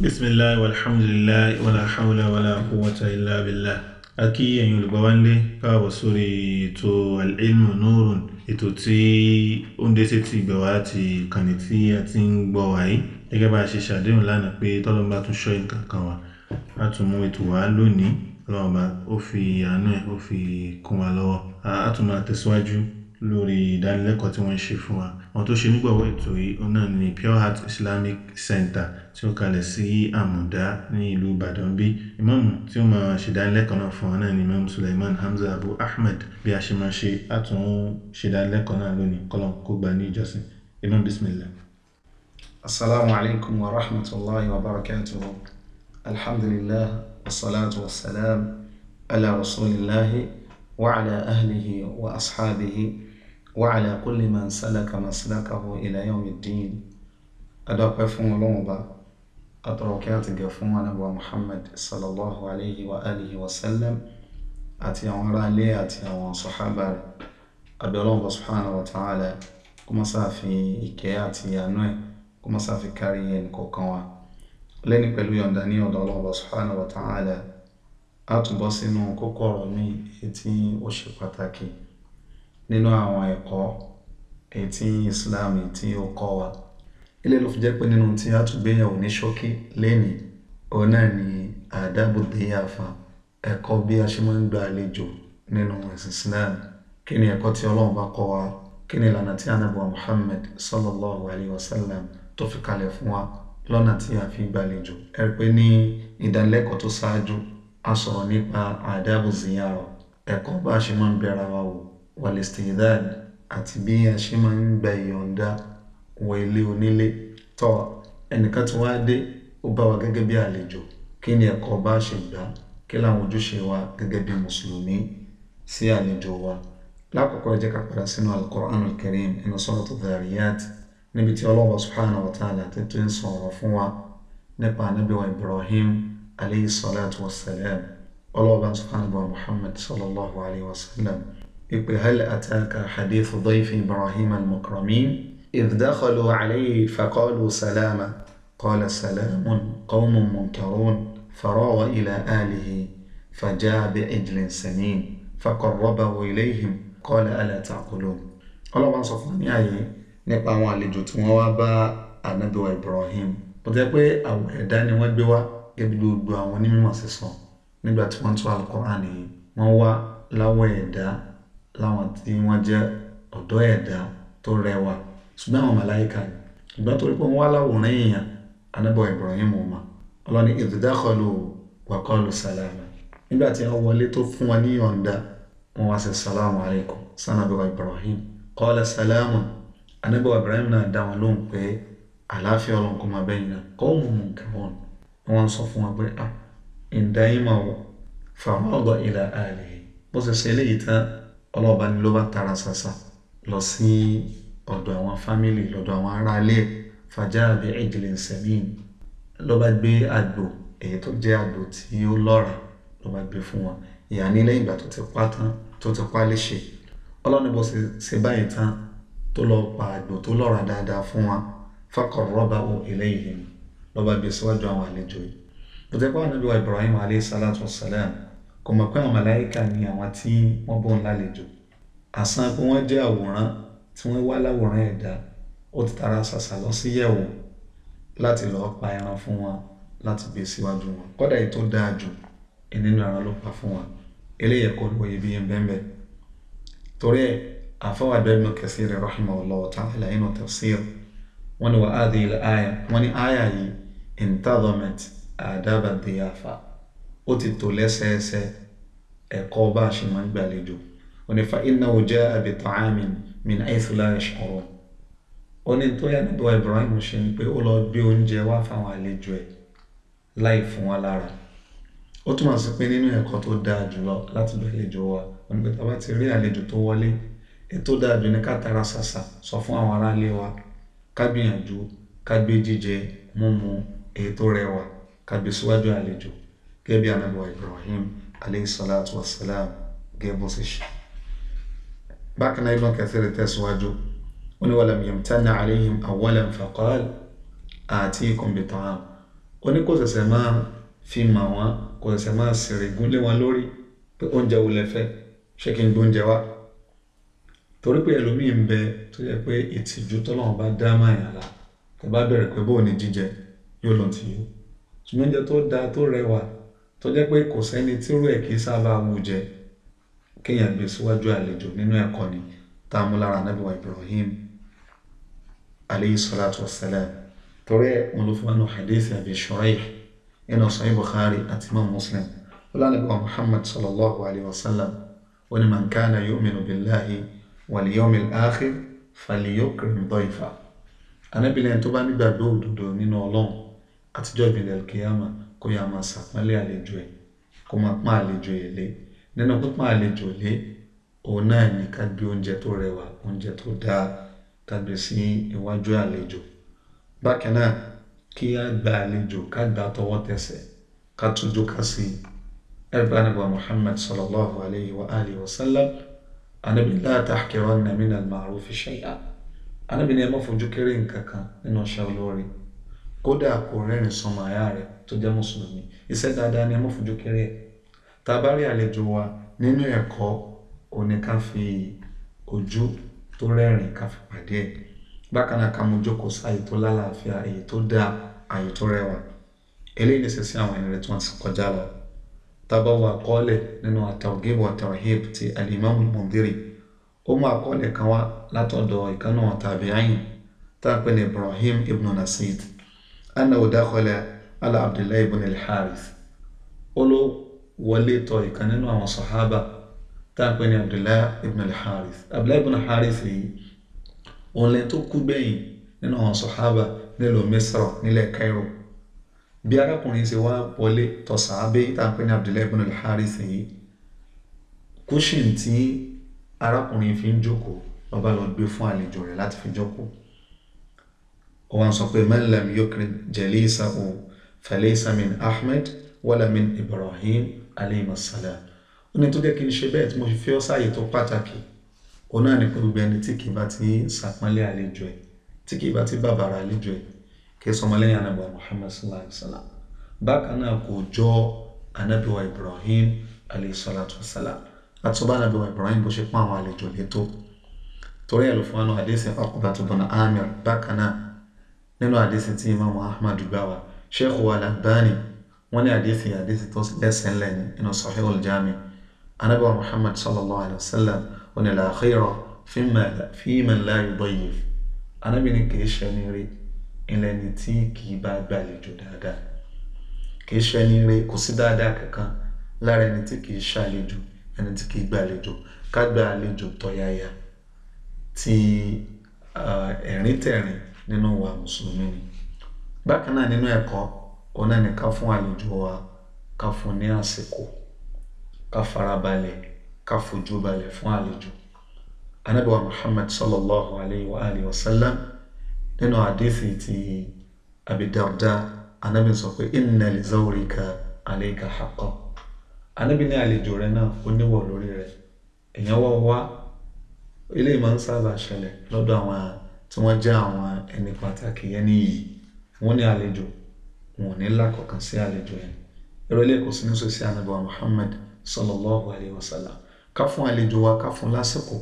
bisimilahi walhamdulilayi wala hawla wala quwwata illa billah akí ẹ̀yin olùgbọ́wánlé káàbọ̀ sórí ètò al-ilmu nurun ètò tí ó ń dẹ́sẹ̀ tí ìgbà wá ti kànnì tí a ti ń gbọ́ wáyé gẹ́gẹ́ bá a ṣe ṣàdéhùn lánàá pé tọ́lọ́mbà tún ṣọ́ nǹkan kan wá a tún mú ètò wá lónìí ọlọ́ọ̀bá ó fi àánú ẹ̀ ó fi kún wa lọ́wọ́ a tún máa tẹ̀síwájú lórí ìdánilẹ́kọ̀ọ́ tí wọ́n ń ṣe fún wa Àwọn tó ṣe onígbọ̀wọ́ ètò yìí òun náà ni Pure Heart Islamic Center tí ó kalẹ̀ sí Àmọ̀dá ní ìlú Ìbàdàn níbí. Ìmáàmù tí ó máa ṣèdánilẹ́kọ̀ọ́ náà fún wa náà ni Imam Sulaiman Hamza Abu Ahmed. Bí a ṣe máa ṣe, a tún ṣèdánilẹ́kọ̀ọ́ náà lónìí. Kọ́lọ́hun kó gbà ní ìjọsìn. Imam Bismillah. Assalamu alaikum wa rahmatullahi wa barakatuh. Alhamdulillah, wassalatu wassalam ala rasulillahi wa ala ahlihi wa ashabihi. وعلى كل من سلك مسلكه إلى يوم الدين أدعو فون لومبا أتروكات جفون أبو محمد صلى الله عليه وآله وسلم أتي عمر لي أتي عمر صحابة أدعو سبحانه وتعالى كما سافي إكياتي يانوي كما سافي كاريين كوكوا lẹ́ni pẹ̀lú yọ̀ǹda ní ọ̀dọ̀ ọlọ́ọ̀bọ̀ subhanahu wa ta'ala a tún nínú àwọn ẹ̀kọ́ ètí Islam tí ó kọ́ wa ilé ló fi jẹ́ pé nínú tí a tún gbéyàwó ní ṣókí lẹ́nìí òun náà ni àdábòdéyàfà ẹ̀kọ́ bí a ṣe máa ń gba àlejò nínú ẹ̀sìn Islam kí ni ẹ̀kọ́ tí Ọlọ́run bá kọ́ wa kí ni ìlànà tí anábọ̀ Muhammad sallallahu alayhi wa sallam tó fi kalẹ̀ fún wa lọ́nà tí a fi gbàlejò ẹ pé ní ìdánilẹ́kọ̀ọ́ tó ṣáájú a sọ̀rọ̀ nípa àdábò ẹ̀kọ́ bá a ṣe máa ń bẹ̀rẹ̀ wa wò walistihdad àti bí èèyàn ṣe máa ń gba ìyọ̀ǹda wọ ilé onílé tọ́ ẹnìkan tí wàá dé ó bá wa gẹ́gẹ́ bí àlejò kí ni ẹ̀kọ́ bá ṣe gbà kí làwọn ojúṣe wa gẹ́gẹ́ bí mùsùlùmí sí àlejò wa lákòókò ẹ jẹ́ ká padà sínú al-Qur'an al-Karim inú Suratu Dhariyat níbi tí Ọlọ́hun subhanahu wa ta'ala ti tún ń sọ̀rọ̀ fún wa nípa Ànábì wa Ibrahim alayhi salatu wa salam Ọlọ́hun subhanahu wa Muhammad sallallahu alayhi wa sallam إب هل أتاك حديث ضيف إبراهيم المكرمين إذ دخلوا عليه فقالوا سلاما قال سلام قوم منكرون فراغ إلى آله فجاء بعجل سمين فقربه إليهم قال ألا تعقلون ọlọ́wọ́n sọ fún ní ààyè nípa àwọn àlejò tí wọ́n wá bá ànábì wa Ibrahim ó jẹ́ pé àwọn ẹ̀dá ni wọ́n gbé wá gẹ́gẹ́ bí gbogbo àwọn onímọ̀ sísọ nígbà tí wọ́n tún Al-Qur'an nìyí wọ́n wá láwọ̀ ẹ̀dá láwọn tí wọ́n jẹ́ ọ̀dọ́ ẹ̀dá tó rẹwà ṣùgbọ́n àwọn màláìka ni ìgbà tó rí pé wọ́n wá láwòrán èèyàn anábọ̀ Ibrahim ọmọ ọlọ́ni ìdídákọlù wàkọlù sàlámà nígbà tí wọ́n wọlé tó fún wọn ní yọ̀ǹda wọ́n wá sí sàlámù alaykum sànàbọ̀ Ibrahim kọ́lá sàlámù anábọ̀ Ibrahim náà dá wọn lóhùn pé àlàáfíà ọlọ́nkọ́ máa bẹ́yìn náà kọ́ mú nǹkan wọn wọ́n sọ fún wọn pé ah ìdáyìí máa fàmọ́ ọ̀gọ́ ìlà àlè bó ṣe ṣe eléyìí tán ọlọ́ọ̀bá ni ló bá tara ṣàṣà lọ sí ọ̀dọ̀ àwọn fámìlì lọ́dọ̀ àwọn aráalé fàjà àbí ẹ̀jìnlẹ̀ sẹ́mìn ló bá gbé àgbò èyí tó jẹ́ àgbò tí ó lọ́ra ló bá gbé fún wọn ìyá nílé ìgbà tó ti pa tán tó ti pa léṣe ọlọ́ni ṣe báyìí tán tó lọ pa àgbò tó lọ́ra dáadáa fún wọn faqarraba ilayhim ló bá gbé síwájú àwọn àlejò yìí bùtẹ́pọ̀ ànábì Ibrahim alayhi salatu wa salam kò mọ̀ pé àwọn màláìka ni àwọn tí wọ́n bọ̀ ń lálejò àsan pé wọ́n jẹ́ àwòrán tí wọ́n wá láwòrán ẹ̀dá ó ti tara ṣàṣà lọ sí yẹ̀wò láti lọ́ọ́ pa ẹran fún wọn láti gbé síwájú wọn kódà èyí tó dáa jù nínú ẹran ló pa fún wọn eléyẹ kọ́ ló ibi yẹn bẹ́ẹ̀ torí ẹ̀ àfọwàdọ́ ibn Kathir rahimahullah ta'ala nínú tafsir wọn ni wà á di ilẹ̀ àyà wọn ni àyà yìí intadhamat adaba ó ti tò lẹ́sẹẹsẹ ẹ̀kọ́ bá a ṣe máa ń gbàlejò ó ní fa innahu jaa bi ta'amin min haythu la yash'urun ó ní tó yà nígbà Ibrahim ṣe ni pé ó lọ gbé oúnjẹ wá fáwọn àlejò ẹ̀ láì fún wa lára ó túmọ̀ sí pé nínú ẹ̀kọ́ tó dáa jùlọ láti gbàlejò wa ó ní pé tá a bá ti rí àlejò tó wọlé ètò dáa jù ní ká ṣàṣà sọ fún àwọn aráalé wa ká gbìyànjú ká gbé jíjẹ èyí tó rẹwà ká síwájú àlejò gẹ́gẹ́ bí ànábì wa Ibrahim aleyhisalatu wasalam gẹ́gẹ́ bó ṣe ṣe bákan náà Ibn Kathir tẹ̀síwájú ó ní walam yamtana alayhim awwalan faqal atikum bi ta'am ó ní kò ṣẹ̀ṣẹ̀ máa fi mà wọ́n kò ṣẹ̀ṣẹ̀ máa sèrè gúnlé wọn lórí pé oúnjẹ wo lẹ fẹ́ ṣé kí n gbóúnjẹ wá torí pé ẹlòmíì ń bẹ tó yẹ pé ìtìjú tọ́lọ́run bá la tẹ bá bẹ̀rẹ̀ pé bóun ni jíjẹ yóò lọ tì yó ṣùgbọ́n oúnjẹ tó tó jẹ́ pé kò sẹ́ni tírú ẹ̀ kì í sábà wù jẹ kéèyàn gbé síwájú àlejò nínú ẹ̀kọ́ ni tá a mú lára Ànábì wa Ibrahim alayhi salatu wassalam torí ẹ̀ wọn ló fún wa nù hadith Abi Shuraih inú Sahih Bukhari àti Imam Muslim wọn lánàá bá Muhammad sallallahu alayhi wa sallam wọn ni man kana yu'minu billahi wal yawmil akhir falyukrim dayfa anábìlẹ̀ tó bá nígbàgbọ́ òdodo nínú Ọlọ́run àtijọ́ ìbílẹ̀ kìyàmá kó yá máa ṣàpọ́nlé àlejò ẹ̀ kó máa pọ́n àlejò ẹ̀ lé nínú pípọ́n àlejò lé òun náà ni ká gbé oúnjẹ tó rẹwà oúnjẹ tó dáa ká gbé sí iwájú àlejò bákan náà kí á gba àlejò ká gba tọwọ́ tẹsẹ̀ ká tójú ká sí i ẹgbẹ́ ànábì Muhammad sallallahu alayhi wa alihi wa sallam ànábì la tahqiranna min al-ma'ruf shay'an ànábì ni ẹ má fojú kéré nǹkan kan nínú ọṣẹ olóore kódà kò rẹ́rìn sọmọ àyà rẹ̀ tó jẹ́ mùsùlùmí iṣẹ́ dáadáa ni ẹ mọ̀ fojú kéré ẹ̀ tá a bá rí àlejò wa nínú ẹ̀kọ́ òní ká fi ojú tó rẹ́rìn ká fi pàdé ẹ̀ bákan náà ká mú jókòó sí àyè tó lálàáfíà àyè tó dáa àyè tó rẹwà eléyìí ní sẹ́sìn àwọn ẹ̀rẹ́ tí wọ́n ti kọjá lọ tábà wọ àkọọ́lẹ̀ nínú àtàwọ̀gébọ̀ àtàwọ̀hìb ti alimami mọ̀dírì ó mú àkọọ́lẹ̀ kan wá látọ̀dọ̀ ìkànnà tàbí àyìn tá a pè ní Ibrahim ibn Nasid anna dakhala ala abdullahi ibn al-harith ó ló wọlé tọ ìkan nínú àwọn sahaba táàpẹ́ ní abdullahi ibn al-harith abdullahi ibn al-harith yìí òun lẹ́yìn tó kú gbẹ̀yìn nínú àwọn sahaba nílùú misra nílẹ̀ cairo bí arákùnrin ṣe wá wọlé tọ sàábé táàpẹ́ ní abdullahi ibn al-harith yìí kúṣìn tí arákùnrin fi ń jókòó bàbá lọ gbé fún àlejò rẹ̀ láti fi jókòó ó sọ pé man lam yukrim jalisahu فليس من أحمد ولا من إبراهيم aleyhimasalam السلام. ní tó jẹ́ kí n ṣe bẹ́ẹ̀ tí mo fi ọ́ sáàyè tó pàtàkì òun náà ni pé gbogbo ẹni tí kì í bá ti ń sàpọ́nlé àlejò ẹ̀ tí kì í bá ti bàbàrà àlejò ẹ̀ kí sọmọlẹ́yìn anábọ̀ muhammad sallallahu alayhi wa sallam bákan náà kò jọ anábíwá ibrahim alayhi salatu wa salam àtúbọ̀ anábíwá ibrahim bó ṣe pọ́n àwọn àlejò létò torí ẹ̀ ló fún àwọn àdéhùn ọkọ̀ bàtúbọ̀nà amir bákan náà sheikh wa Al-Albani wọ́n ní àdìsí àdìsí tó lẹ́sẹ̀ ńlẹ̀ ní inú Sahihul Jami anabi wa Muhammad sallallahu alayhi wa sallam wọ́n ní la khayra fi man la yudayif anabi ni kì í ṣe ní rí ilẹ̀ ní tí kì í bá gbàlejò dáadáa kì í ṣe ní rí kò sí dáadáa kankan lára ẹni tí kì ṣàlejò ẹni tí kì gbàlejò ká gba àlejò tọ̀yàyà ti ẹ̀rín tẹ̀rín nínú wa mùsùlùmí ni bákan náà nínú ẹ̀kọ́ òun náà ni ká fún àlejò wa ká fún ní àsìkò ká farabalẹ̀ ká fojú balẹ̀ fún àlejò ànábì muhammad sallallahu alayhi wa alihi wa sallam nínú àdéhìí ti abi darda ànábì sọ pé inna li zawrika alayka haqqan ànábì ní àlejò rẹ náà ó níwọ̀ lórí rẹ èèyàn wá wá eléyìí máa ń sábà ṣẹlẹ̀ lọ́dọ̀ àwọn tí wọ́n jẹ́ àwọn ẹni pàtàkì ẹni yìí wọn ní àlejò wọn ní lákọ̀ọ́kan sí àlejò yẹn ẹ̀rọ ilé ẹ̀kọ́ sínú sọ́sí ànábì wa Muhammad sallallahu alayhi wa sallam ká fún àlejò wa ká fún lásìkò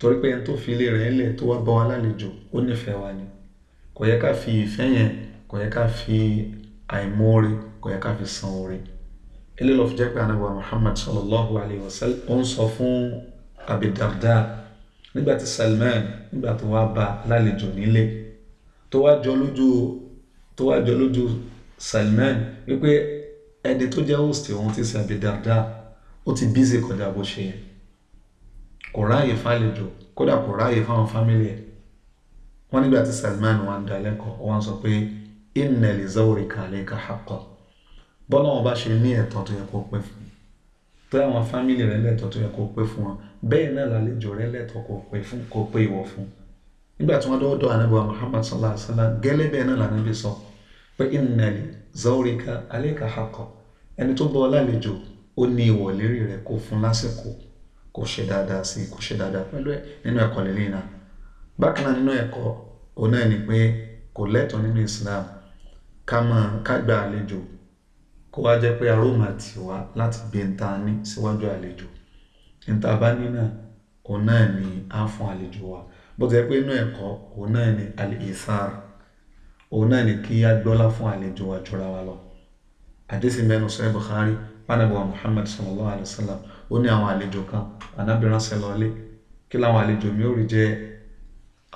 torí pé ẹni tó fi ilé rẹ̀ lẹ̀ tó wá bá wa lálejò ó nífẹ̀ẹ́ wa ni kò yẹ ká fi ìfẹ́ yẹn kò yẹ ká fi àìmóore kò yẹ ká fi san oore eléyìí lọ́ọ́ fi jẹ́ pé ànábì wa sallallahu alayhi wa sallam ó ń sọ fún Abi nígbà tí Salman nígbà tó wá bá lálejò nílé tó wá jọ lójú tó wá jọ lójú Salman wípé ẹni tó jẹ́ host òun ti sàbẹ̀ dáadáa ó ti bíze kọjá bó ṣe yẹn kò ráàyè fàlejò kódà kò ráàyè fáwọn fámìlì ẹ̀ wọ́n nígbà tí Salman wà ń dá lẹ́kọ̀ọ́ wọ́n sọ pé inna li zawrika alayka haqqan bọ́lá wọn bá ṣe ní ẹ̀tọ́ tó yẹ kó pé fún un tó àwọn fámìlì rẹ̀ lẹ́tọ̀ọ́ tó yẹ kó pé fún wọn bẹ́ẹ̀ náà lálejò rẹ̀ lẹ́tọ̀ọ́ kó pé ìwọ̀ fún un nígbà tí wọ́n dọ́dọ̀ ànábì wa muhammad sallallahu alaihi wa sallam gẹ́lẹ́ bẹ́ẹ̀ náà lànàbí sọ pé ìnàlẹ̀ zawrika alayka haqqo ẹni tó bọ́ ọ lálejò ó ní ìwọ̀ lérí rẹ̀ kó fún lásìkò kó ṣe dáadáa sí kó ṣe dáadáa pẹ̀lú ẹ̀ nínú ẹ̀kọ́ lélẹ́yìn náà bákan náà nínú ẹ̀kọ́ òun náà ni pé kò lẹ́tọ̀ọ́ nínú islam ká máa ká gba àlejò kó wá jẹ́ pé aroma ti wá láti gbé nta ní síwájú àlejò nta bá ní náà òun náà ni á fún àlejò wa bó ti yẹ pé inú ẹ̀kọ́ òun náà ni al-isar òun náà ni kí á gbọ́lá fún àlejò wa wa lọ àdìsí mẹ́nu sọ Bukhari pàdánù wa Muhammad sallallahu alayhi wa sallam ó ní àwọn àlejò kan anábìrán sẹlọ́ọ́lé kí láwọn àlejò mi ò rí jẹ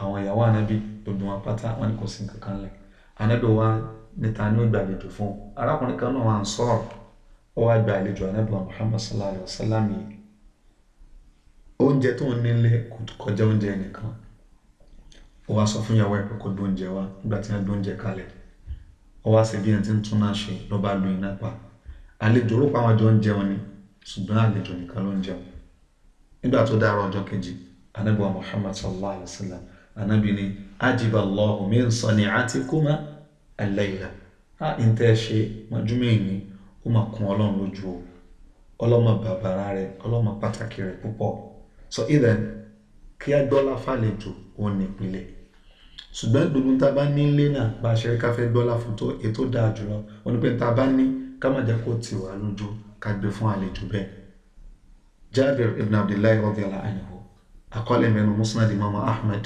àwọn ìyàwó anábì gbogbo wọn pátá wọn ni kò sí nǹkan kan lẹ anábì wa níta ni ó gba àlejò fún un arákùnrin kan náà wà ń sọ̀rọ̀ wá gba àlejò anábì wa Muhammad sallallahu alayhi wa sallam yìí oúnjẹ tó ń nílé kò kọjá oúnjẹ nìkan ó wá sọ fún ìyàwó ẹ̀ pé nje gbóúnjẹ wá nígbà tí wọ́n gbóúnjẹ kalẹ̀ ó wá ṣe bí ẹni tí ń tún náà ṣe ló bá lu iná pa àlejò rò pé àwọn jọ ń jẹun ni àlejò nìkan ló ń jẹun nígbà tó dára ọjọ kejì anábì wa Muhammad sallallahu alayhi wa ni ajiba Allahu min ṣe ó máa kún lójú o pàtàkì so either kí a nípìnlẹ̀ ṣùgbọ́n gbogbo tá a bá ní ilé náà bá a ṣe ká fẹ́ gbọ́lá fún tó ètò dáa jùlọ wọn ni pé tá a bá ní ká má jẹ́ kó tì wá lójú ká gbé fún àlejò bẹ́ẹ̀. Jabir ibn Abdullahi radiyallahu anhu akọ́lẹ̀ mẹ́nu musnad imam Ahmed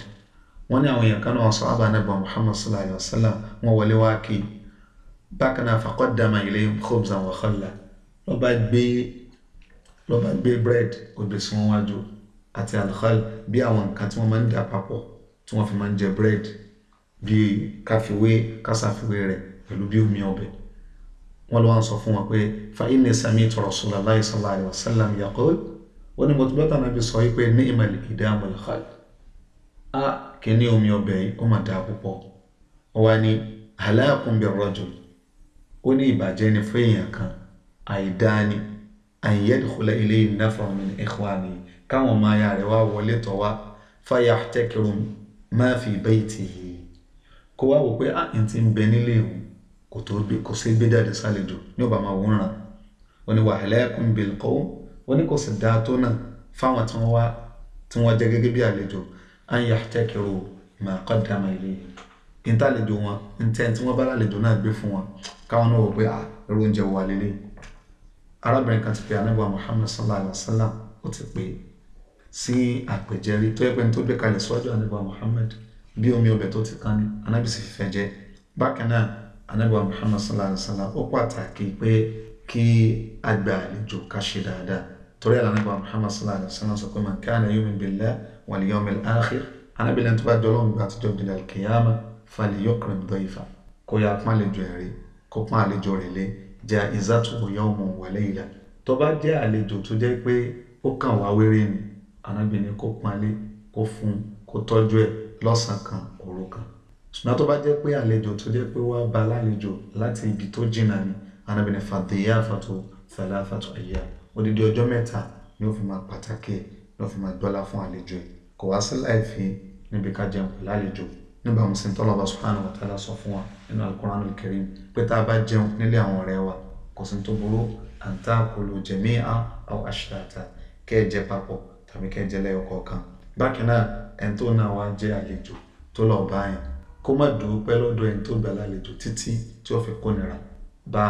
wọ́n ní àwọn èèyàn kan náà sọ abba anabi Muhammad sallallahu alayhi wa sallam wọ́n wọlé wá kí bákan náà faqaddama ilayhim khubzan wa khalla ló bá gbé ló gbé bírèdì òbí sí wọn wájú àti alkhal bí àwọn nǹkan tí wọ́n máa ń dà papọ̀ tí wọ́n fi máa ń jẹ bírèdì bí káfíwé kásáfíwé rẹ̀ pẹ̀lú bí omi ọbẹ̀ wọ́n ló wá ń sọ fún wọn pé fa inna sami'tu Rasulullahi sallallahu alaihi wasallam yaqul wọ́n ní mọ̀tòbẹ́tà náà bí sọ wípé ní ni'mal idamul khal a kìíní omi ọbẹ̀ yìí ó mà dáa púpọ̀ ó wá ní halakun bir rajul ó ní ìbàjẹ́ ni fún èèyàn kan àìdáni an yadkhula ilayhi nafarun min kó wá wò pé à ń ti ń bẹ nílé ìwò kò tó gbé kò sí gbé jáde sálejò ní ọba máa wúnra wọn ni wàhálà ẹkùn bìlkọ wọn ni kò sì dáa tó náà fáwọn tí wọn wá tí wọn jẹ gẹ́gẹ́ bí àlejò à ń yà tẹkẹrù mà kọ dàmà ilé yìí níta àlejò wọn níta tí wọn bá lálejò náà gbé fún wọn káwọn náà wò pé à ah, ẹrù oúnjẹ wà lélẹ̀ arábìnrin kan ti pè anábìwá Muhammad sallallahu alaihi wa sallam ó ti pè sí àpèjẹrí tó yẹ pé ní tó gbé kalẹ̀ sọ́jọ́ anábìwá Muhammad bí omi ọbẹ̀ tó ti kan ni anábì sì fẹ́ jẹ bákan náà anábì wa muhammad sallallahu alaihi wa sallam ó pàtàkì pé kí àgbà àlejò ká ṣe dáadáa torí àlànà wa muhammad sallallahu alaihi wa sallam sọ pé man kana yu'minu billahi wal yawmil akhir anábì lẹ́nu tó bá jọ lọ́wọ́ nígbà tó jọ gbìyànjú al-qiyamah falyukrim dayfa kó yá pọ́n àlejò ẹ̀rí kó pọ́n àlejò rẹ̀ lé jẹ́ izatuhu yawmun wa layla tó bá jẹ́ àlejò tó jẹ́ pé ó kàn wá wéré ni anábì ní kó pọ́n lé kó fún kó tọ́jú ẹ̀ lọ́sàn-án kan òru kan ṣùgbọ́n tó bá jẹ́ pé àlejò tó jẹ́ pé wá bá lálejò láti ibi tó jìnnà ni anabini fàdéyà fàtó fàlà fàtó ayé odidi ọjọ́ mẹ́ta ni ó fi máa pàtàkì ló fi máa dọ́là fún àlejò yìí kò wá sí láìfi níbi ká jẹun pẹ̀lú àlejò nígbà mo sì ń tọ́lọ̀ bá subhanahu wa ta'ala sọ fún wa nínú al-Qur'an al pé tá a bá jẹun nílé àwọn ọ̀rẹ́ wa kò sí tó burú an ta'kulu jami'an aw ashtatan kẹ́ ẹ jẹ papọ̀ tàbí kẹ́ ẹ jẹ kọ̀ọ̀kan bákan náà ẹni tó náà wá jẹ́ àlejò tó lọ bá yàn kó má dúró pẹ́ lọ́dọ̀ ẹni tó gbà lálejò títí tí ó fi kó nira bá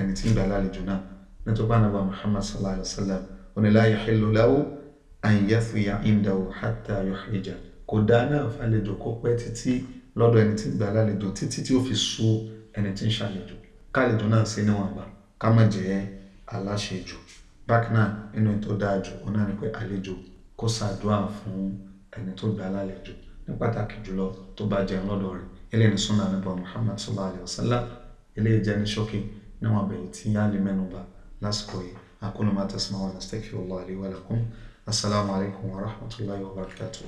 ẹni tí ń gbà lálejò náà nítorí bá nàbà Muhammad sallallahu alayhi wa sallam onílà yahillu lahu an yathwiya indahu hatta yukhrija kò dá náà fàlejò kó pẹ́ títí lọ́dọ̀ ẹni tí ń gbà lálejò títí tí ó fi sú ẹni tí ń ṣàlejò kálejò náà sí níwọ̀nba ká má jẹ́ aláṣejù bákan náà nínú ètò dáa jù ọ náà ni pé àlejò kó ṣàdúrà fún ẹni tó gbà lálejò ní pàtàkì jùlọ tó bá jẹun lọ́dọ̀ rẹ̀ eléyìí ní súnà nípa Muhammad sallallahu alayhi wa sallam eléyìí jẹ́ ní ṣókí níwọ̀n abẹ́yẹ tí yá lè mẹ́nu bà lásìkò yìí aqulu ma tasma'una astaghfirullah li wa lakum assalamu alaykum wa rahmatullahi wa barakatuh.